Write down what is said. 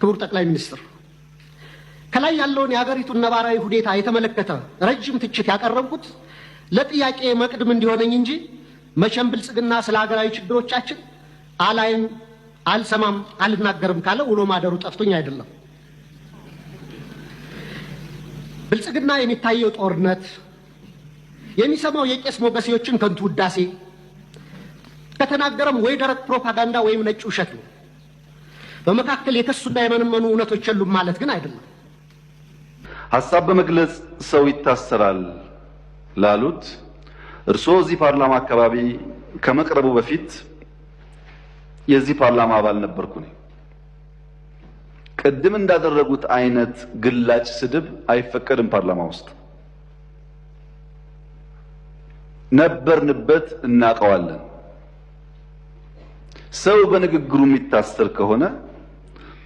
ክቡር ጠቅላይ ሚኒስትር ከላይ ያለውን የሀገሪቱን ነባራዊ ሁኔታ የተመለከተ ረጅም ትችት ያቀረብኩት ለጥያቄ መቅድም እንዲሆነኝ እንጂ መቼም ብልጽግና ስለ ሀገራዊ ችግሮቻችን አላይም፣ አልሰማም፣ አልናገርም ካለ ውሎ ማደሩ ጠፍቶኝ አይደለም። ብልጽግና የሚታየው ጦርነት፣ የሚሰማው የቄስ ሞገሴዎችን ከንቱ ውዳሴ ከተናገረም ወይ ደረቅ ፕሮፓጋንዳ ወይም ነጭ ውሸት ነው። በመካከል የከሱና የመነመኑ እውነቶች የሉም ማለት ግን አይደለም። ሀሳብ በመግለጽ ሰው ይታሰራል ላሉት እርስዎ እዚህ ፓርላማ አካባቢ ከመቅረቡ በፊት የዚህ ፓርላማ አባል ነበርኩ እኔ። ቅድም እንዳደረጉት አይነት ግላጭ ስድብ አይፈቀድም ፓርላማ ውስጥ ነበርንበት፣ እናውቀዋለን። ሰው በንግግሩ የሚታሰር ከሆነ